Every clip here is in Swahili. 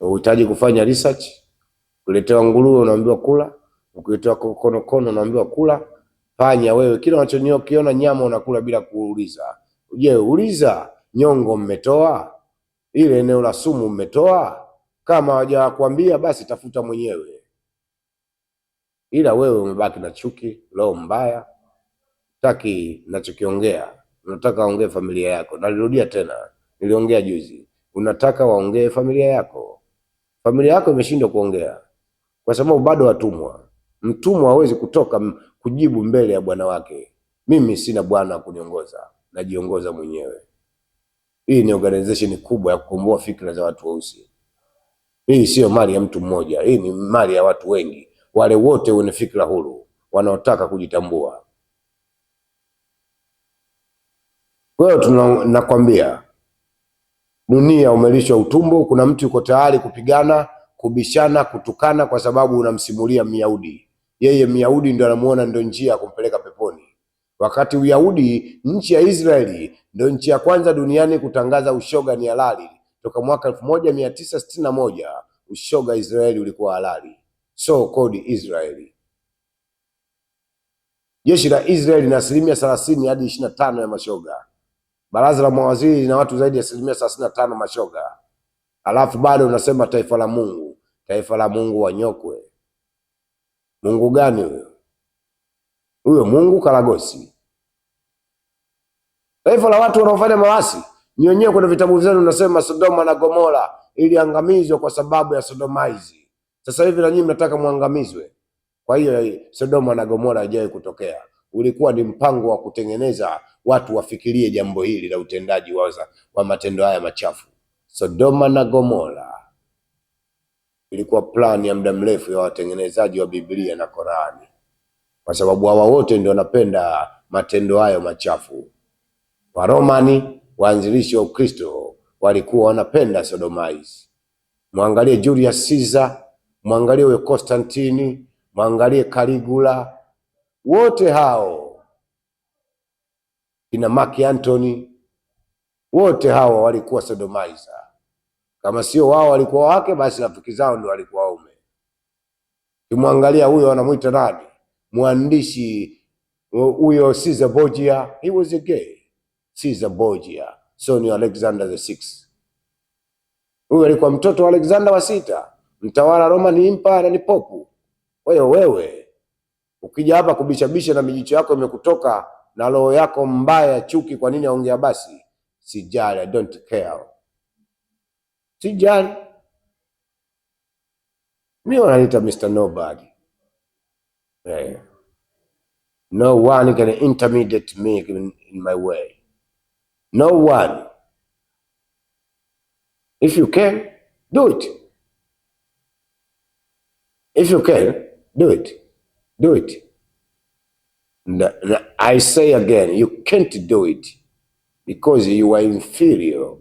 Unahitaji kufanya research. kuletewa nguruwe unaambiwa kula, ukiletewa kono kono unaambiwa kula, panya wewe, kila kiona nyama unakula bila kuuliza. Je, uliza nyongo mmetoa? Ile eneo la sumu mmetoa? Kama hawajakwambia basi tafuta mwenyewe, ila wewe umebaki na chuki, roho mbaya. Taki nachokiongea unataka waongee familia yako. Nalirudia tena, niliongea juzi, unataka waongee familia yako. Familia yako imeshindwa kuongea kwa sababu bado watumwa. Mtumwa hawezi kutoka kujibu mbele ya bwana wake. Mimi sina bwana wa kuniongoza, najiongoza mwenyewe. Hii ni organization kubwa ya kukomboa fikra za watu weusi. Hii siyo mali ya mtu mmoja, hii ni mali ya watu wengi, wale wote wenye fikra huru wanaotaka kujitambua. Kwa hiyo tunakwambia Dunia umelishwa utumbo. Kuna mtu yuko tayari kupigana, kubishana, kutukana kwa sababu unamsimulia Myahudi. Yeye Myahudi ndo anamuona ndo njia ya kumpeleka peponi, wakati Uyahudi, nchi ya Israeli ndo nchi ya kwanza duniani kutangaza ushoga ni halali toka mwaka elfu moja mia tisa sitini na moja ushoga Israeli ulikuwa halali, so called Israeli. Jeshi la Israeli na asilimia thelathini hadi ishirini na tano ya mashoga baraza la mawaziri lina watu zaidi ya asilimia thelathini na tano mashoga, alafu bado unasema taifa la Mungu. Taifa la Mungu wanyokwe. Mungu gani huyo? Huyo Mungu karagosi. Taifa la watu wanaofanya maasi ni wenyewe. Kwenye vitabu vyenu unasema Sodoma na Gomora iliangamizwa kwa sababu ya sodomaizi. Sasa hivi na nyinyi mnataka muangamizwe. Kwa hiyo eh, Sodoma na Gomora haijawahi kutokea ulikuwa ni mpango wa kutengeneza watu wafikirie jambo hili la utendaji waza, wa matendo haya machafu. Sodoma na Gomora ilikuwa plani ya muda mrefu ya watengenezaji wa Biblia na Korani, kwa sababu hawa wote ndio wanapenda matendo hayo machafu. Waromani, waanzilishi wa Ukristo, walikuwa wanapenda sodomize. Mwangalie Julius Caesar, mwangalie huyo Konstantini, mwangalie Caligula wote hao kina Mark Antony, wote hao walikuwa sodomizer. Kama sio wao walikuwa wake, basi rafiki zao ndio walikuwa waume. Kimwangalia huyo anamwita nani, mwandishi huyo Caesar Borgia, he was a gay. Caesar Borgia so ni Alexander the Sixth. Huyo alikuwa mtoto wa Alexander wa sita, mtawala Roman Empire na ni popu. Kwa hiyo wewe Ukija hapa kubishabisha na mijicho yako imekutoka na roho yako mbaya chuki, kwa nini aongea? Basi sijali, I don't care, sijali. Mi wananiita Mr. Nobody. Yeah. No one can intimidate me in, in my way. No one. If you can, do it. If you can, do it do it. I say again, you can't do it because you are inferior.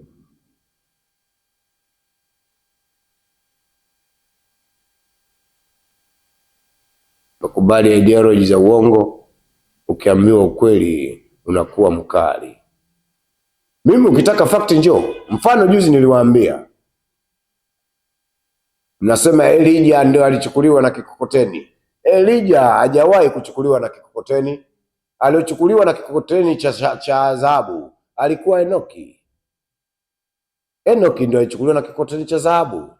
Kukubali ideology za uongo, ukiambiwa ukweli unakuwa mkali. Mimi ukitaka fact njo, Mfano juzi niliwaambia, mnasema Elijah ndio alichukuliwa na kikokoteni Elija hajawahi kuchukuliwa na kikokoteni. Aliochukuliwa na kikokoteni cha adhabu alikuwa Enoki. Enoki ndio alichukuliwa na kikokoteni cha adhabu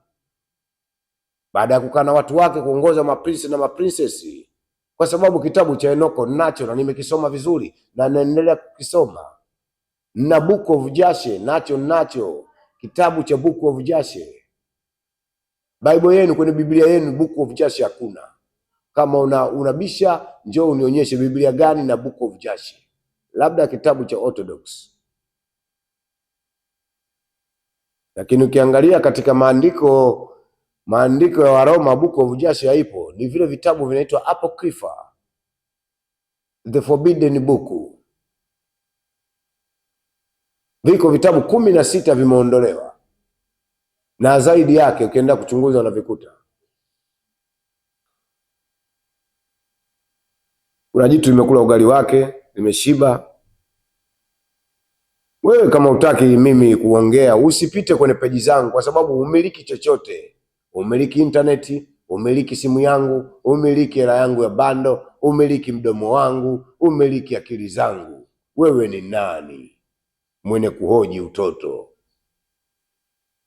baada ya kukaa na watu wake kuongoza maprinsi na maprinsesi, kwa sababu kitabu cha Enoko nacho na nimekisoma vizuri na naendelea kukisoma, na Book of Jashe nacho nacho kitabu cha Book of Jashe. Bible yenu kwenye Biblia yenu Book of Jashe hakuna. Kama una unabisha, njoo unionyeshe Biblia gani na Book of Jashi, labda kitabu cha Orthodox. Lakini ukiangalia katika maandiko maandiko ya Waroma, Book of Jashi haipo. Ni vile vitabu vinaitwa apocrypha, the forbidden book. Viko vitabu kumi na sita vimeondolewa na zaidi yake ukienda kuchunguza unavikuta. Kuna jitu limekula ugali wake, limeshiba. Wewe kama utaki mimi kuongea, usipite kwenye peji zangu, kwa sababu umiliki chochote, umiliki intaneti, umiliki simu yangu, umiliki hela yangu ya bando, umiliki mdomo wangu, umiliki akili zangu. Wewe ni nani mwenye kuhoji utoto?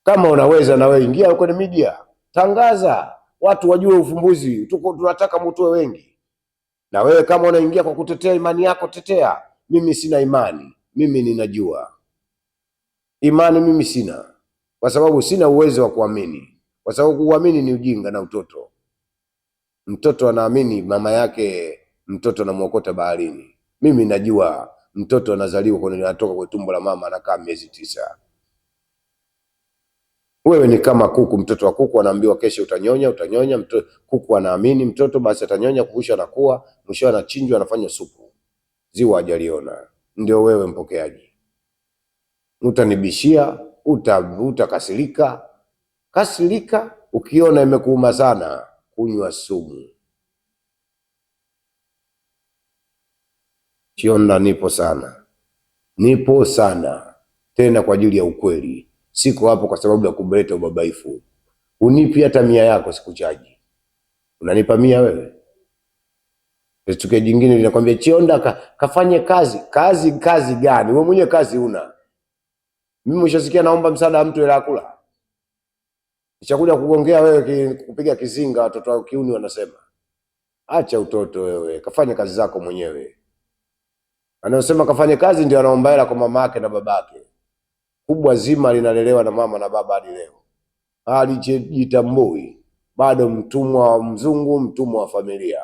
Kama unaweza na wewe ingia kwenye media, tangaza, watu wajue ufumbuzi. Tuko tunataka mutue wengi. Na wewe kama unaingia kwa kutetea imani yako, tetea. Mimi sina imani, mimi ninajua imani mimi sina, kwa sababu sina uwezo wa kuamini, kwa sababu kuamini ni ujinga na utoto. Mtoto anaamini mama yake mtoto anamwokota baharini. Mimi najua mtoto anazaliwa kwenye, anatoka kwa tumbo la mama anakaa miezi tisa. Wewe ni kama kuku, mtoto wa kuku anaambiwa kesho utanyonya, utanyonya. Mtoto, kuku anaamini mtoto, basi atanyonya, kukusha anakuwa, mwisho anachinjwa, anafanywa supu, ziwa hajaliona. Ndio wewe mpokeaji, utanibishia, utakasirika, kasirika. Ukiona imekuuma sana, kunywa sumu. Chionda, nipo sana, nipo sana tena kwa ajili ya ukweli. Siko hapo kwa sababu ya kumleta ubabaifu. Unipi hata mia yako sikuchaji. Unanipa mia wewe? Tukio jingine linakwambia Chionda ka, kafanye kazi. Kazi kazi gani? Wewe mwenyewe kazi una. Mimi mshasikia, naomba msaada wa mtu ila kula. Nishakuja kugongea wewe kupiga kizinga watoto wa kiuni wanasema. Acha utoto wewe, kafanye kazi zako mwenyewe. Anaosema kafanye kazi ndio anaomba hela kwa mamake na babake kubwa zima linalelewa na mama na baba hadi leo, alijitambui bado, mtumwa wa mzungu, mtumwa wa familia,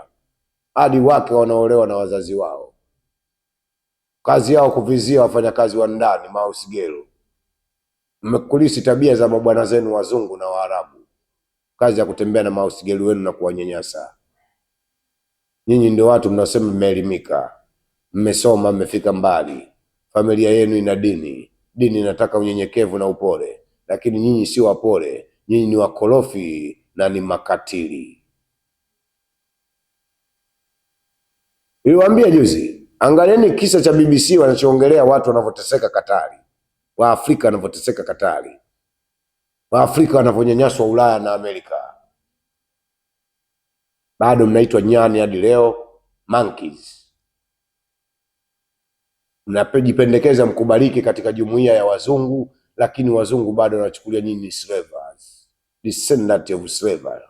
hadi wake wanaolewa na wazazi wao, kazi yao kuvizia wafanyakazi wa ndani, maosigelo. Mmekulisi tabia za mabwana zenu wazungu na Waarabu, kazi ya kutembea na maosigelo wenu na kuwanyanyasa nyinyi. Ndio watu mnasema mmeelimika, mmesoma, mmefika mbali, familia yenu ina dini Dini inataka unyenyekevu na upole, lakini nyinyi si wapole, nyinyi ni wakorofi na ni makatili. Niliwaambia juzi, angalieni kisa cha BBC wanachoongelea watu wanavyoteseka Katari, Waafrika wanavyoteseka Katari, Waafrika wanavyonyanyaswa Ulaya na Amerika, bado mnaitwa nyani hadi leo, monkeys mnajipendekeza mkubalike katika jumuiya ya wazungu, lakini wazungu bado wanachukulia nyinyi ni slavers, descendant of slavery.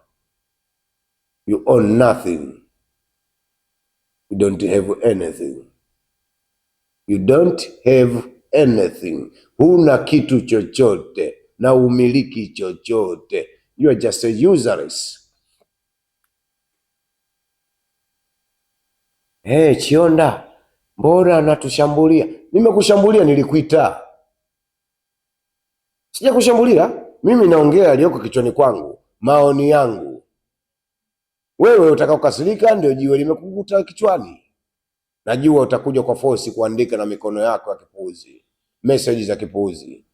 You own nothing, you don't have anything, you don't have anything. Huna kitu chochote na umiliki chochote, you are just a useless. Hey, eh, Chionda mbona anatushambulia? Nimekushambulia? Nilikuita? Sijakushambulia. Mimi naongea aliyoko kichwani kwangu, maoni yangu. Wewe kukasirika, ndio jiwe limekukuta kichwani. Najua utakuja kwa fosi kuandika na mikono yako ya kipuuzi, message za kipuuzi.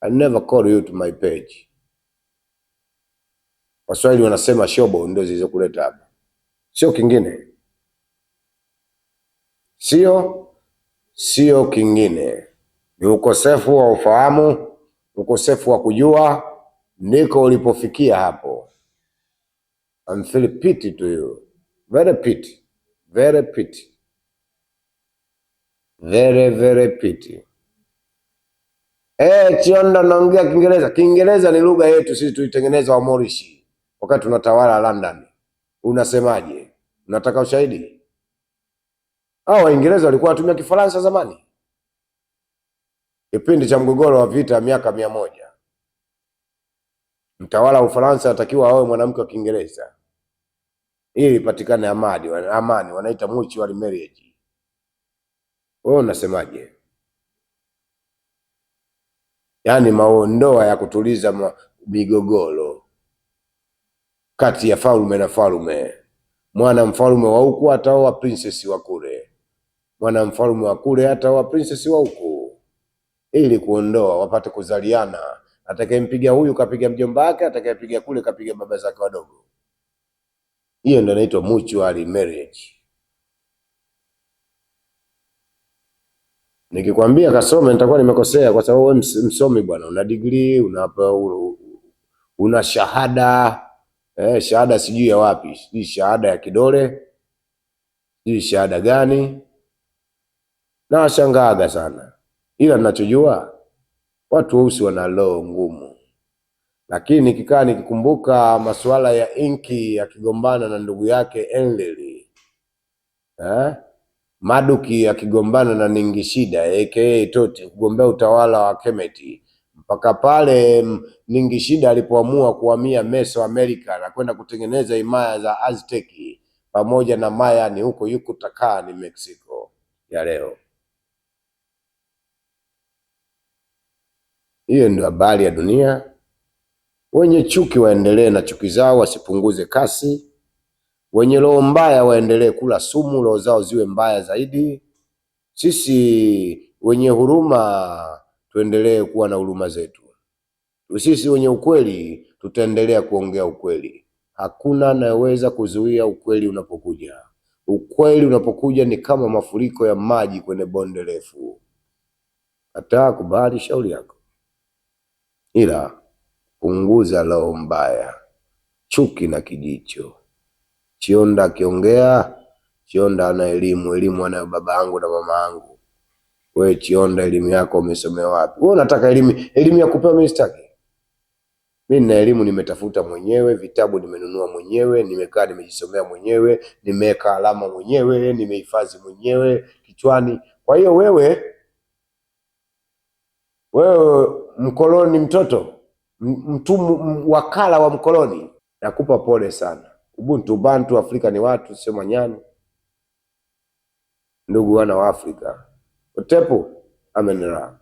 I never call you to my page. Waswahili wanasema shobo ndio zilizokuleta hapa, sio kingine sio sio kingine, ni ukosefu wa ufahamu, ukosefu wa kujua, ndiko ulipofikia hapo. I'm feel pity to you. Very pity. Very pity. Very, very pity. Eh, Chionda naongea Kiingereza. Kiingereza ni lugha yetu sisi tuitengeneza Wamorishi wakati tunatawala London. Unasemaje? Unataka ushahidi? Hao Waingereza walikuwa wanatumia Kifaransa zamani, kipindi cha mgogoro wa vita miaka mia moja. Mtawala wa Ufaransa anatakiwa awe mwanamke wa Kiingereza ili ipatikane amani, amani wanaita mutual marriage. Wewe unasemaje? Yaani maondoa ya kutuliza ma, migogoro kati ya falume na falume. Mwana mfalume wa huku ataoa princess wa kule mwana mfalme wa kule, hata wa princess wa huko, ili kuondoa wapate kuzaliana. Atakayempiga huyu kapiga mjomba wake, atakayempiga kule kapiga baba zake wadogo. Hiyo ndio inaitwa mutual marriage. Nikikwambia kasome, nitakuwa nimekosea, kwa sababu wewe msomi bwana, una degree, una una shahada eh, shahada sijui ya wapi, sijui shahada ya kidole, sijui shahada gani. Nawashangaaga sana, ila ninachojua watu weusi wana roho ngumu, lakini nikikaa nikikumbuka masuala ya Inki akigombana na ndugu yake Enlil eh? Maduki akigombana na Ningishida aka Toti kugombea utawala wa Kemeti mpaka pale mm, Ningishida alipoamua kuhamia Amerika na kwenda kutengeneza himaya za Azteki pamoja na Maya ni huko Yucatan, Mexico ya leo. Hiyo ndio habari ya dunia. Wenye chuki waendelee na chuki zao, wasipunguze kasi. Wenye roho mbaya waendelee kula sumu, roho zao ziwe mbaya zaidi. Sisi wenye huruma tuendelee kuwa na huruma zetu. Sisi wenye ukweli tutaendelea kuongea ukweli. Hakuna anayeweza kuzuia ukweli unapokuja. Ukweli unapokuja ni kama mafuriko ya maji kwenye bonde refu. hata kubali, shauri yako ila punguza roho mbaya, chuki na kijicho. Chionda akiongea, Chionda ana elimu, elimu anayo baba yangu na mama yangu. We Chionda, elimu yako umesomea wapi? Wewe unataka elimu, elimu ya kupewa mimi sitaki. Mimi na elimu nimetafuta mwenyewe, vitabu nimenunua mwenyewe, nimekaa nimejisomea mwenyewe, nimeweka alama mwenyewe, nimehifadhi mwenyewe kichwani. Kwa hiyo wewe wewe mkoloni, mtoto mtu wakala wa mkoloni, nakupa pole sana. Ubuntu, Bantu, Afrika ni watu, sio manyani. Ndugu wana wa Afrika, utepo ameneraha